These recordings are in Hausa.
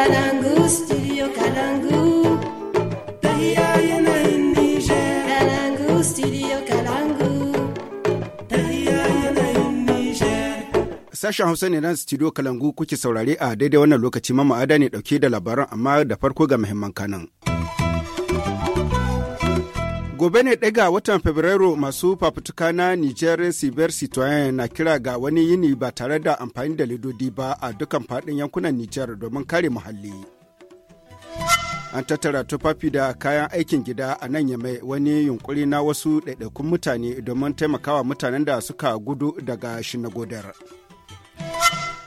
Kalangu, studio Kalangu. Bahia yana Niger. Kalangu, studio Kalangu. Bahia yana Niger. Sashen Hausa ne nan studio Kalangu kuke saurare a daidai wannan lokaci mama'ada ne dauke da labaran amma da farko ga muhimman kanan. Gobe ne ga watan Fabrairu masu fafutuka na Niger Cyber Citoyen na kira ga wani yini ba tare da amfani da ledodi ba a dukkan fadin yankunan Niger domin kare muhalli. An tattara tufafi da kayan aikin gida a nan yamai wani yunkuri na wasu ɗaiɗaikun mutane domin taimakawa mutanen da suka gudu daga shinagodar.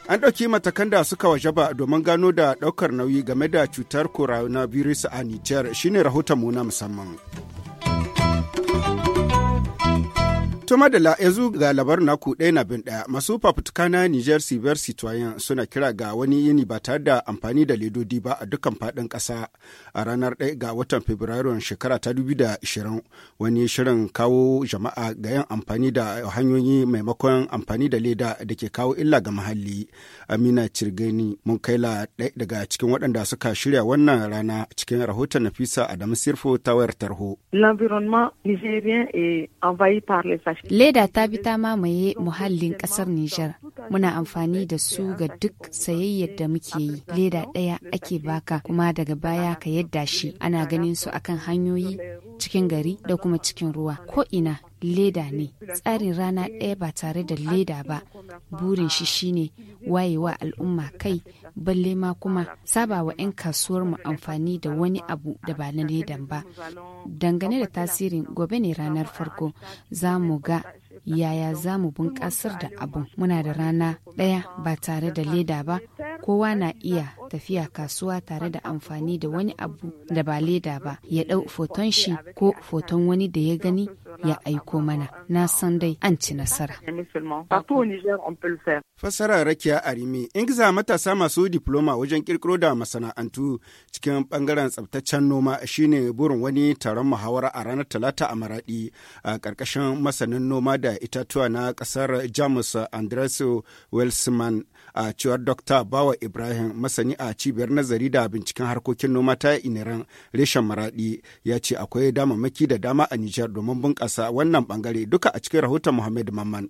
An ɗauki matakan da suka waje ba domin gano da ɗaukar nauyi game da cutar coronavirus a Nijar shine rahoton mu na musamman. da madala yanzu ga labar naku ɗaya na bin ɗaya masu fafutuka na Niger Cyber Citoyen suna kira ga wani yini ba tare da amfani da ledodi ba a dukkan faɗin ƙasa a ranar ɗaya ga watan Fabrairun shekara ta da ishirin wani shirin kawo jama'a ga yin amfani da hanyoyi maimakon amfani da leda da ke kawo illa ga muhalli. Amina Cirgani mun kai la ɗaya daga cikin waɗanda suka shirya wannan rana cikin rahoton Nafisa Adamu Sirfo ta wayar tarho. L'environnement nigérien est envahi par les Leda ta bi ta mamaye muhallin kasar Nijar. Muna amfani da su ga duk sayayyar da muke yi. Leda ɗaya ake baka kuma daga baya ka yadda shi. Ana ganin su akan hanyoyi cikin gari da kuma cikin ruwa ko ina leda ne tsarin rana ɗaya ba tare da leda ba burin shi shine wayewa al'umma kai balle ma kuma saba wa 'yan kasuwar mu amfani da wani abu da ba na ledan ba dangane da tasirin gobe ne ranar farko za mu ga yaya za mu bunƙasar da abu muna da rana ɗaya ba tare da leda ba kowa na iya tafiya kasuwa tare da amfani da wani abu da ba leda ba ya ɗau foton shi ko foton wani da ya gani ya aiko mana na san dai an ci nasara. Fassara Rakiya Arimi, ingiza matasa masu diploma wajen kirkiro da masana'antu cikin bangaren tsabtaccen noma shine burin wani taron muhawara a ranar Talata a Maradi a karkashin masanin noma da itatuwa na kasar Jamus Andres Welsman a cewar Dr. Bawa Ibrahim masani a cibiyar nazari da binciken harkokin noma ta Iniran reshen Maradi ya ce akwai damamaki da dama a Nijar domin bunƙasa ƙasa wannan bangare duka a cikin rahoton Muhammad Mamman.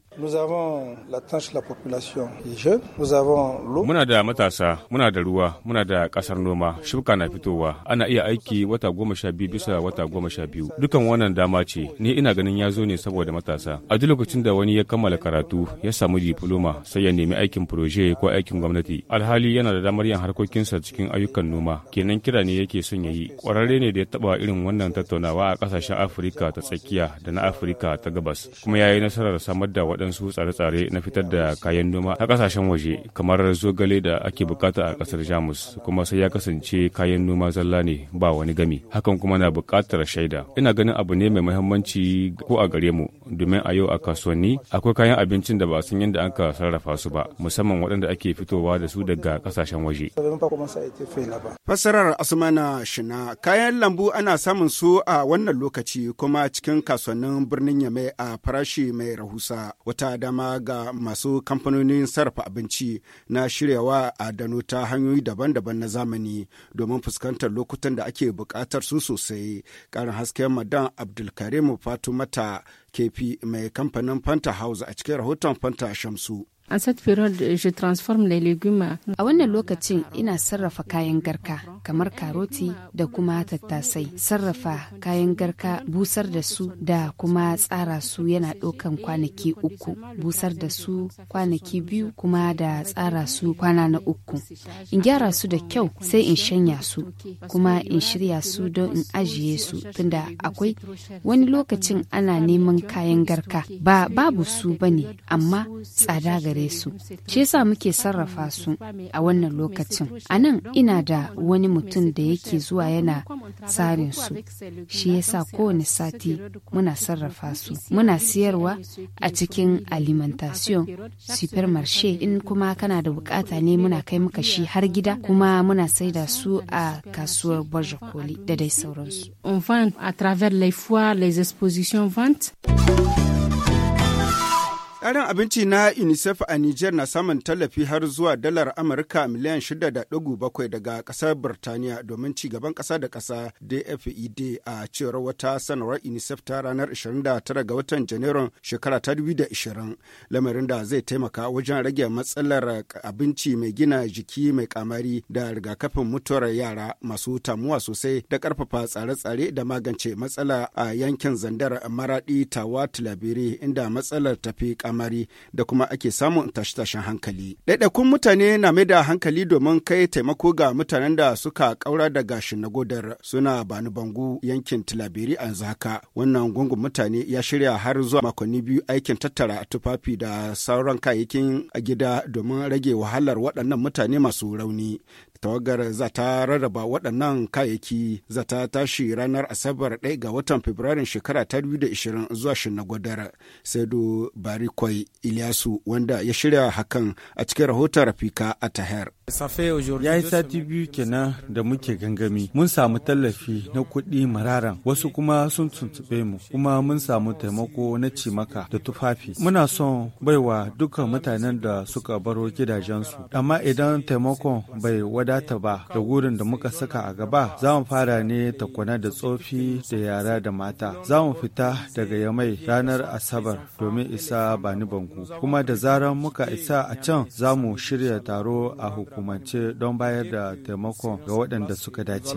Muna da matasa, muna da ruwa, muna da ƙasar noma, shuka na fitowa, ana iya aiki wata goma sha biyu bisa wata goma sha biyu. Dukan wannan dama ce, ni ina ganin ya zo ne saboda matasa. A duk lokacin da wani ya kammala karatu ya samu diploma sai ya nemi aikin proje ko aikin gwamnati. Alhali yana da damar yin harkokinsa cikin ayyukan noma, kenan kira ne yake son ya yi. Ƙwararre ne da ya taɓa irin wannan tattaunawa a ƙasashen Afirka ta tsakiya da na Afirka ta gabas kuma ya yi nasarar samar da waɗansu tsare-tsare na fitar da kayan noma a ƙasashen waje kamar zogale da ake bukata a ƙasar Jamus kuma sai ya kasance kayan noma zalla ne ba wani gami hakan kuma na buƙatar shaida ina ganin abu ne mai muhimmanci ko a gare mu domin a yau a kasuwanni akwai kayan abincin da ba san yadda an ka sarrafa su ba musamman waɗanda ake fitowa da su daga ƙasashen waje. Fassarar Asmana Shina kayan lambu ana samun su a wannan lokaci kuma cikin kasuwanni kasuwannin birnin Yame a farashi mai rahusa wata dama ga masu kamfanonin sarrafa abinci na shiryawa a dano ta hanyoyi daban-daban na zamani domin fuskantar lokutan da ake buƙatar su sosai. Karin hasken Madan Abdulkarim Fatumata kefi mai kamfanin Fanta House a cikin rahoton Fanta Shamsu. A cette période, je transforme les légumes. A wannan lokacin ina sarrafa kayan garka kamar karoti da kuma tattasai. Sarrafa kayan garka busar da su da kuma tsara su yana ɗaukan kwanaki uku. Busar da su kwanaki biyu kuma da tsara su kwana na uku. In gyara su da kyau sai in shanya su kuma in shirya su don in ajiye su tunda akwai wani lokacin ana neman kayan garka ba babu su bane amma tsada gare gare su shi yasa muke sarrafa su a wannan lokacin a nan ina da wani mutum da yake zuwa yana tsarin su shi yasa kowane sati muna sarrafa su muna siyarwa a cikin alimentation supermarché in kuma kana da bukata ne muna kai muka shi har gida kuma muna saida su a kasuwar baje koli da dai sauransu on à travers les foires les expositions vente. Tsarin abinci na UNICEF a Nijar na samun tallafi har zuwa dalar Amurka miliyan 6.7 daga ƙasar Birtaniya domin ci gaban ƙasa da ƙasa DFID e a cewar wata sanarwar UNICEF ta ranar 29 ga watan Janairun shekara ta 2020. Lamarin da zai taimaka wajen rage matsalar abinci mai gina jiki mai kamari da rigakafin mutuwar yara masu tamuwa sosai da ƙarfafa tsare-tsare da magance matsala a yankin zandar maraɗi tawa tilabiri inda matsalar tafi kamari. kamari da kuma ake samun tashe-tashen hankali. Ɗaiɗaikun mutane na mai da hankali domin kai taimako ga mutanen da suka ƙaura daga Shinagodar suna Bani Bangu yankin Tilabiri a yanzu haka. Wannan gungun mutane ya shirya har zuwa makonni biyu aikin tattara tufafi da sauran kayayyakin a gida domin rage wahalar waɗannan mutane masu rauni. Tawagar za ta rarraba waɗannan kayayyaki za ta tashi ranar Asabar 1 ga watan Fabrairun shekara ta 2020 zuwa Shinnagodar. saido Barikwai Ilyasu wanda ya shirya hakan a cikin rahoton Rafika a Taher. Ya yi sati biyu kenan da muke gangami. Mun samu tallafi na kuɗi mararan, wasu kuma sun tuntube mu, kuma mun samu taimako na cimaka da tufafi. Muna son baiwa dukkan mutanen da suka baro gidajensu. Amma idan taimakon bai wadata ba da gurin da muka saka a gaba, za mu fara ne takwana da tsofi da yara da mata. Za mu fita daga Yamai ranar Asabar domin isa Bani Bangu. Kuma da zarar muka isa a can za mu shirya taro a hukumar. hukumance don bayar da taimakon ga waɗanda suka dace.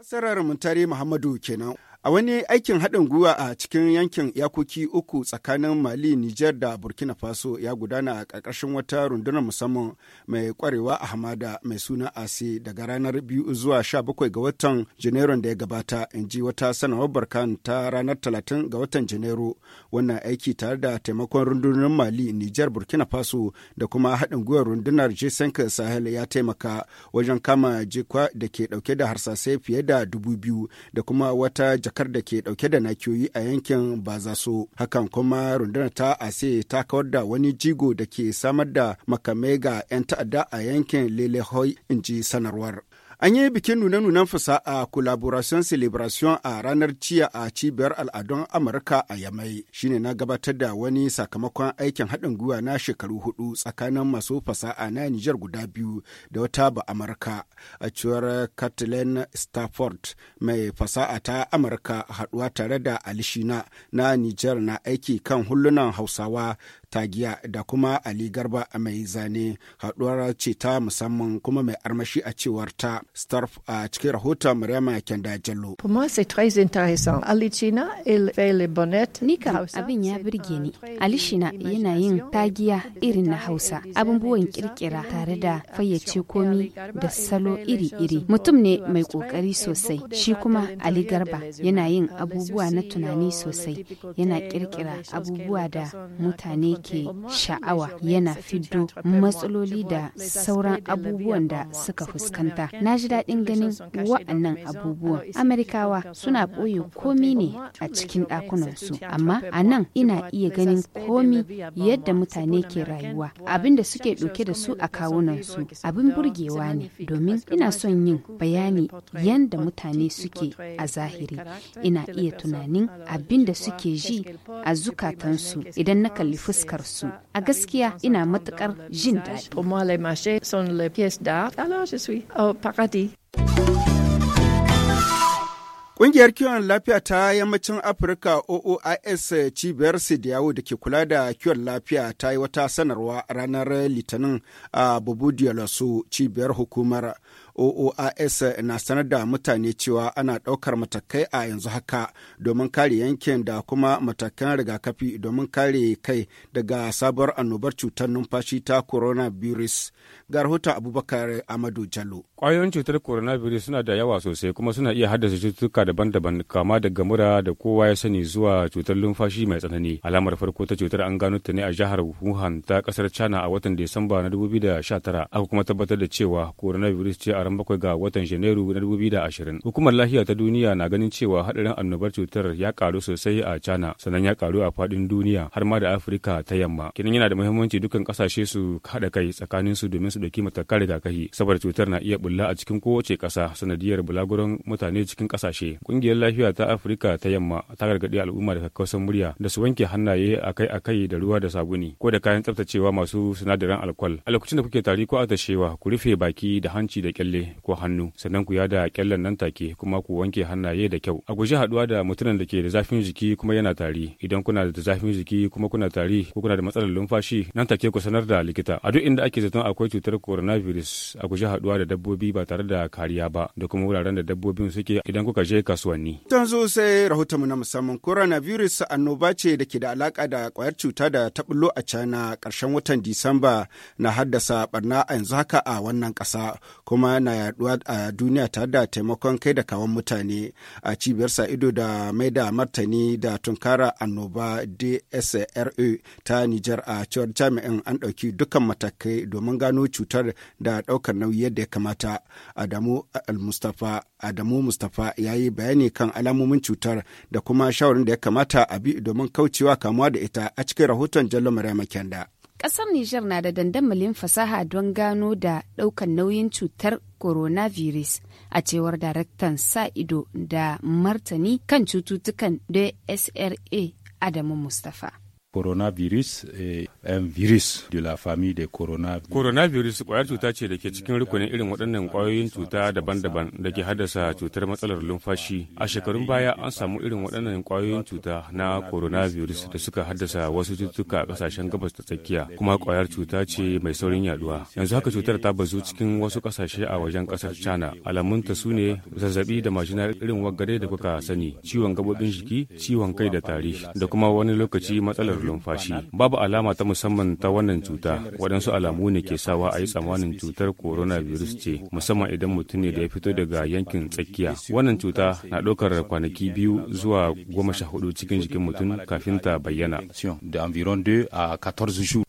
Fassarar Muntari Muhammadu kenan. A wani aikin haɗin gwiwa a cikin yankin yakoki uku tsakanin Mali, Nijar da Burkina Faso ya gudana a ƙarƙashin wata rundunar musamman mai ƙwarewa a hamada mai suna Ase daga ranar biyu zuwa sha bakwai ga watan Janairun da ya gabata, in ji wata sanawar Barkan ta ranar talatin ga watan Janairu. wannan aiki tare da taimakon rundunar mali nijar burkina faso da kuma haɗin gwiwar rundunar ka sahel ya taimaka wajen kama jikwa da ke ɗauke da harsasai fiye da dubu biyu da kuma wata jakar da ke ɗauke da nakiyoyi a yankin bazaso hakan kuma rundunar ta ase ta kawar da wani jigo da ke samar da makamai ga 'yan ta'adda a yankin lelehoi in ji sanarwar An yi bikin nuna-nunan fasaha Collaboration Celebration a ranar ciya a cibiyar al'adun Amurka a Yamai shine na gabatar da wani sakamakon aikin haɗin gwiwa na shekaru hudu tsakanin masu fasaha na Nijar guda biyu da wata ba Amurka a cewar Kathleen Stafford mai fasaha ta Amurka haɗuwa tare da Alishina na Nijar na aiki kan hulunan Hausawa tagiya da kuma ali garba mai zane haɗuwar ce ta musamman kuma mai armashi a cewar ta starf a cikin rahoton maryama kyanda jallo abin ya birge ni alishina yana yin tagiya irin na hausa abubuwan kirkira tare da fayyace komi da salo iri-iri mutum ne mai kokari sosai shi kuma ali garba yana yin abubuwa na tunani sosai yana kirkira abubuwa da uh, mutane yake sha'awa yana fiddo matsaloli da sauran abubuwan da suka fuskanta na ji daɗin ganin wa'annan abubuwan amerikawa suna ɓoye komi ne a cikin ɗakunansu amma a nan ina iya ganin komi yadda mutane ke rayuwa abin da suke ɗauke da su a kawunansu abin burgewa ne domin ina son yin bayani yadda mutane suke a zahiri ina iya tunanin abin da suke ji a zukatansu idan na kalli fuska su a gaskiya ina matukar jin daɗi Ƙungiyar kiwon lafiya ta yammacin Afirka OOIS cibiyar Sidiyawo da ke kula da kiwon lafiya ta yi wata sanarwa ranar Litinin a Bobo Diolosu cibiyar hukumar ooas na sanar da mutane cewa ana ɗaukar matakai a yanzu haka domin kare yankin da kuma matakan rigakafi domin kare kai daga sabuwar annobar cutar numfashi ta coronavirus ga rahoton abubakar amadu jalo ƙwayoyin cutar coronavirus suna da yawa sosai kuma suna iya haddasa cututtuka daban-daban kama daga mura da kowa ya sani zuwa cutar numfashi mai tsanani alamar farko ta cutar an gano ta ne a jihar wuhan ta kasar china a watan disamba na tara aka kuma tabbatar da cewa coronavirus ce a a bakwai ga watan Janairu na dubu ashirin. Hukumar lafiya ta duniya na ganin cewa hadarin annobar cutar ya karu sosai a China sannan ya karu a fadin duniya har ma da Afirka ta yamma. Kinan yana da muhimmanci dukkan kasashe su haɗa kai tsakanin su domin su ɗauki matakan rigakafi saboda cutar na iya bulla a cikin kowace ƙasa sanadiyar bulaguron mutane cikin ƙasashe. Ƙungiyar lafiya ta Afirka ta yamma ta gargaɗi al'umma da kakkausan murya da su wanke hannaye akai-akai da ruwa da sabuni ko da kayan tsaftacewa masu sinadaran alkol A lokacin da kuke tari ko atashewa ku rufe baki da hanci da kyalle kyalle ko hannu sannan ku yada kyallen nan take kuma ku wanke hannaye da kyau a guji haduwa da mutumin da ke da zafin jiki kuma yana tari idan kuna da zafin jiki kuma kuna tari ko kuna da matsalar numfashi nan take ku sanar da likita a duk inda ake zaton akwai cutar coronavirus a guji haduwa da dabbobi ba tare da kariya ba da kuma wuraren da dabbobin suke idan kuka je kasuwanni yanzu sai rahotonmu na musamman coronavirus annoba ce da ke da alaka da kwayar cuta da ta bullo a cana karshen watan disamba na haddasa barna a yanzu haka a wannan kasa kuma ana yaduwa a duniya tare da taimakon kai da kawan mutane a cibiyar sa ido da mai da martani da tunkara annoba DSRA ta Nijar a cewar jami'in an ɗauki dukkan matakai domin gano cutar da ɗaukar nauyi yadda ya kamata. Adamu Mustapha Adamu Mustapha ya yi bayani kan alamomin cutar da kuma shawarin da ya kamata a bi domin kaucewa kamuwa da ita a cikin rahoton Jallo Maryam Kenda. Ƙasar Nijar na da dandamalin fasaha don gano da ɗaukan nauyin cutar coronavirus a cewar daraktan sa ido da martani kan cututtukan DSRA Adamu Mustapha. coronavirus est eh, un virus de la famille de coronavirus. Coronavirus kwayar cuta ce da ke cikin rukunin irin waɗannan kwayoyin cuta daban-daban da ke haddasa cutar matsalar lumfashi. A shekarun baya an samu irin waɗannan kwayoyin cuta na coronavirus da suka haddasa wasu cututtuka a ƙasashen gabas ta tsakiya kuma kwayar cuta ce mai saurin yaduwa. Yanzu haka cutar ta bazu cikin wasu ƙasashe a wajen ƙasar China. Alamunta su ne zazzabi da majina irin wagare da kuka sani, ciwon gaɓoɓin jiki, ciwon kai da tari da kuma wani lokaci matsalar lumfashi babu alama ta musamman ta wannan cuta waɗansu alamu ne ke sawa a yi tsammanin cutar coronavirus ce musamman idan mutum ne da ya fito daga yankin tsakiya wannan cuta na ɗaukar kwanaki biyu zuwa goma sha hudu cikin jikin mutum kafin ta bayyana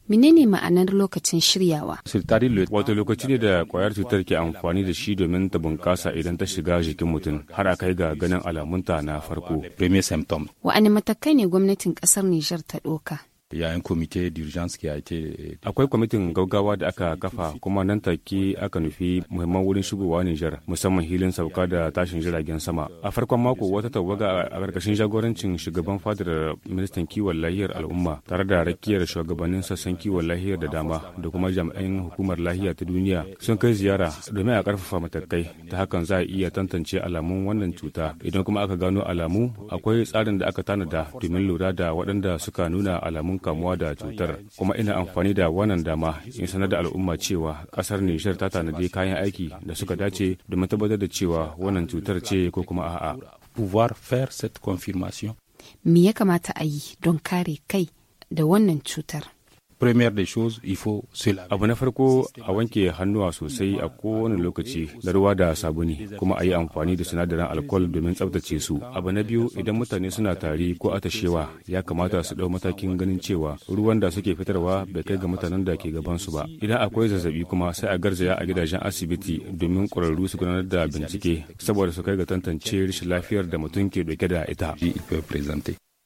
Menene ma'anar lokacin shiryawa? Sirtaril wato lokaci ne da kwayar cutar ke amfani da shi domin ta bunkasa idan ta shiga jikin mutum har a kai ga ganin alamunta na farko. Premier symptom. Wa'ani matakai ne gwamnatin kasar Nijar ta ɗoka? il y a d'urgence qui a été euh, akwai kwamitin gaggawa da aka kafa kuma nan take aka nufi muhimman wurin shigowa Nijar musamman hilin sauka da tashin jiragen sama a farkon mako wata tawaga a karkashin jagorancin shugaban fadar ministan kiwon lahiyar al'umma tare da rakiyar shugabannin sassan kiwon lahiyar da dama da kuma jami'an hukumar lahiya ta duniya sun kai ziyara domin a karfafa matakai ta hakan za a iya tantance alamun wannan cuta idan kuma aka gano alamu akwai tsarin da aka tanada domin lura da waɗanda suka nuna alamun kamuwa da cutar kuma ina amfani da wannan dama in sanar da al'umma cewa kasar Nijar ta tanadi kayan aiki da suka dace domin tabbatar da cewa wannan cutar ce ko kuma a'a. Pouvoir faire cette confirmation. Me ya kamata a yi don kare kai da wannan cutar? Abu na farko a wanke hannuwa sosai a kowane lokaci da ruwa da sabuni kuma a yi amfani da sinadaran alkol domin tsabtace su. Abu na biyu idan mutane suna tari ko atashewa ya kamata su dau matakin ganin cewa ruwan da suke fitarwa bai kai ga mutanen da ke gaban su ba. Idan akwai zazzabi kuma sai a garzaya a gidajen asibiti domin ƙwararru su gudanar da bincike saboda su kai ga tantance rashin lafiyar da mutum ke dauke da ita.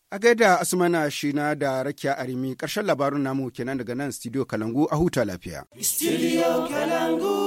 A gaida Asmana Shina da Rakiya Arimi ƙarshen labarun namu kenan daga nan Studio Kalangu a huta lafiya. Studio Kalangu.